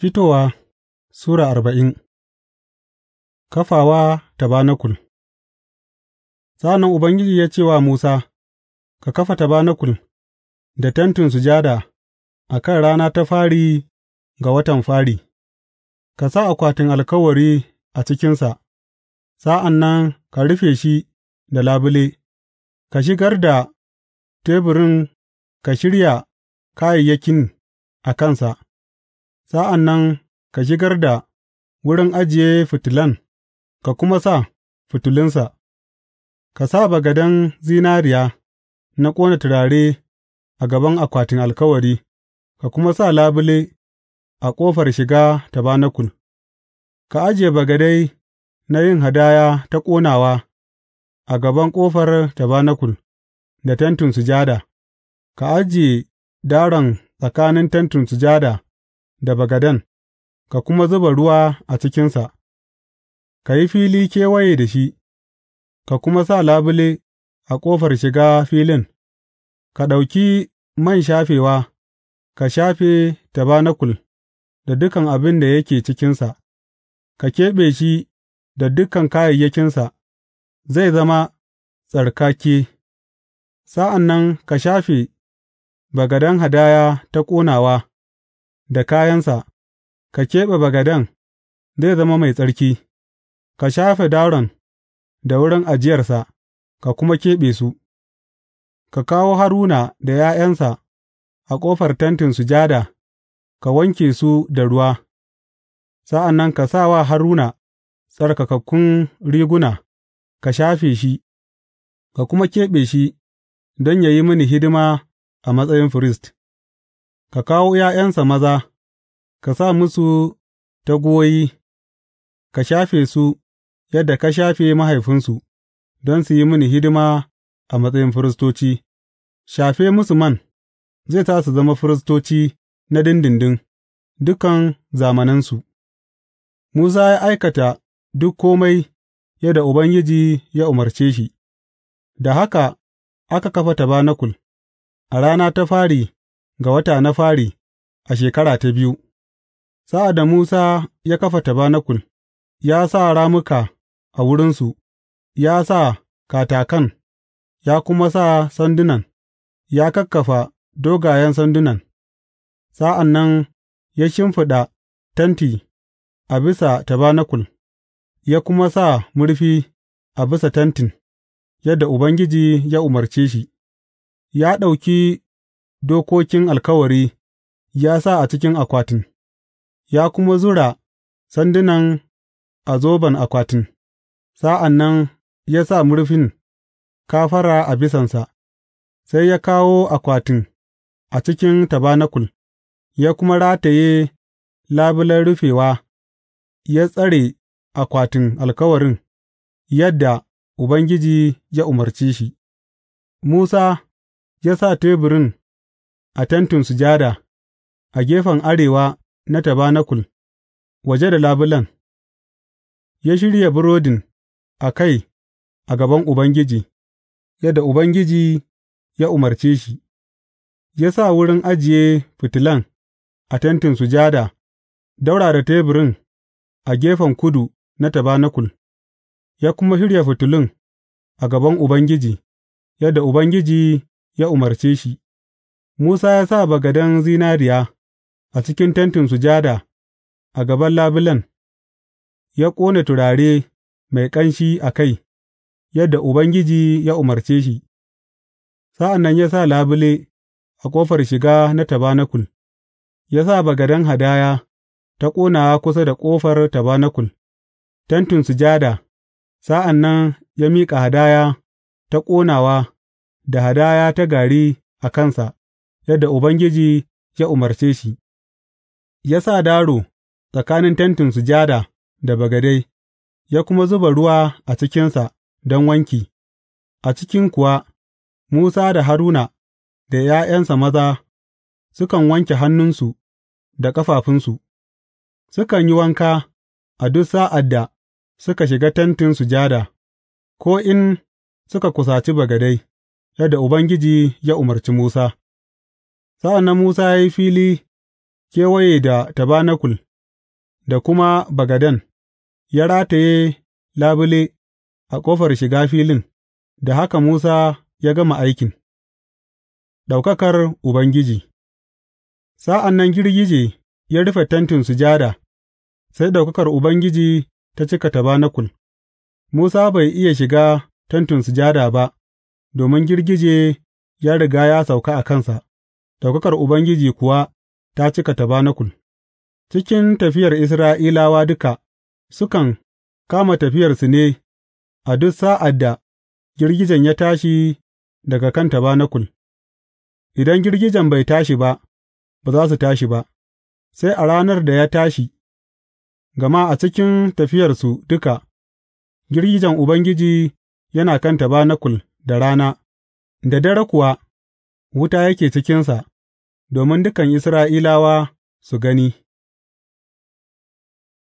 Fitowa Sura arba'in Kafawa tabanakul Sa'an Ubangiji ya ce wa Musa, Ka kafa tabanakul da Tentin Sujada a kan rana ta fari ga watan fari, ka sa akwatin alkawari a cikinsa, sa'an nan ka rufe shi da labule, ka shigar da teburin ka shirya kayayyakin a kansa. sa'an nan ka shigar da wurin ajiye fitilan ka kuma sa fitilunsa, ka sa bagaden zinariya na ƙona turare a gaban akwatin alkawari, ka kuma sa labule a ƙofar shiga tabanakul, ka ajiye bagade na yin hadaya ta ƙonawa a gaban ƙofar tabanakul da Tentin Sujada, ka ajiye daron tsakanin Tentin Sujada. da bagaden, ka kuma zuba ruwa a cikinsa, ka yi fili kewaye da shi, ka kuma sa labule a ƙofar shiga filin, ka ɗauki man shafewa, ka shafe tabanakul da dukan abin da yake cikinsa, ka keɓe shi da dukan kayayyakinsa, zai zama tsarkake, sa'an nan ka shafe bagaden hadaya ta ƙonawa. da kayansa, ka keɓe bagaden, zai zama mai tsarki, ka shafe daron da wurin ajiyarsa, ka kuma keɓe su, ka kawo Haruna da ’ya'yansa a ƙofar Tentin Sujada, ka wanke su da ruwa, sa'an nan ka sa wa Haruna tsarkakakkun riguna, ka shafe shi, ka kuma keɓe shi don yă yi mini hidima a matsayin firist. Ka kawo ’ya'yansa maza, ka sa musu taguwoyi, ka shafe su yadda ka shafe mahaifinsu, don su yi mini hidima a matsayin firistoci; shafe musu man, zai sa su zama firistoci na dindindin dukan zamanansu. Musa ya aikata duk komai yadda Ubangiji ya umarce shi, da haka aka kafa tabanakul a rana ta fari. ga wata na fari a shekara ta biyu, sa'ad da Musa ya kafa tabanakul, ya sa ramuka a wurinsu, ya sa katakan, ya kuma sa sandunan, ya kakkafa dogayen sandunan, sa'an nan ya shimfiɗa tenti a bisa tabanakul, ya kuma sa murfi a bisa tentin, yadda Ubangiji ya umarce shi, ya ɗauki dokokin alkawari ya sa a cikin akwatin, ya kuma zura sandunan a zoban akwatin, sa'an nan ya sa murfin kafara a bisansa, sai ya kawo akwatin a cikin tabanakul, ya kuma rataye labulen rufewa, ya tsare akwatin alkawarin yadda Ubangiji ya umarci shi. Musa ya sa teburin a Tentin Sujada, a gefen arewa na tabanakul, waje da labulan. ya shirya burodin a kai a gaban Ubangiji, yadda Ubangiji ya umarce shi, ya sa wurin ajiye fitilan a Tentin Sujada, daura da teburin a gefen kudu na tabanakul, ya kuma shirya fitilun a gaban Ubangiji, yadda Ubangiji ya umarce shi. Musa ya sa bagaden zinariya a cikin Tentin Sujada a gaban labulen, ya ƙone turare mai ƙanshi a kai, yadda Ubangiji ya umarce shi, sa'an nan ya sa labule a ƙofar shiga na tabanakul, ya sa bagaden hadaya ta ƙonawa kusa da ƙofar tabanakul, Tentin Sujada, sa'an nan ya miƙa hadaya ta ƙonawa da hadaya ta gari a kansa. yadda Ubangiji ya umarce shi, ya sa daro tsakanin Tentin Sujada da bagade, ya kuma zuba ruwa a cikinsa don wanki, a cikin kuwa Musa da Haruna da ’ya'yansa maza sukan wanke hannunsu da ƙafafunsu, sukan yi wanka a duk sa'ad da suka shiga Tentin Sujada, ko in suka kusaci bagade, yadda Ubangiji ya umarci Musa. Sa'an nan Musa ya yi fili kewaye da tabanakul da kuma bagaden, ya rataye labule a ƙofar shiga filin, da haka Musa ya gama aikin. Ɗaukakar Ubangiji Sa'an nan girgije ya rufe Tentin Sujada, sai ɗaukakar Ubangiji ta cika tabanakul, Musa bai iya shiga Tentin Sujada ba, domin girgije ya riga ya sauka a kansa. ɗaukakar Ubangiji kuwa ta cika tabanakul, cikin tafiyar Isra'ilawa duka, sukan kama tafiyarsu ne a duk sa'ad da girgijen ya tashi daga kan tabanakul, idan girgijen bai tashi ba, ba za su tashi ba, sai a ranar da ya tashi, gama a cikin tafiyarsu duka, girgijen Ubangiji yana kan tabanakul da rana, da dare kuwa wuta yake cikinsa. domin dukan Isra'ilawa su gani.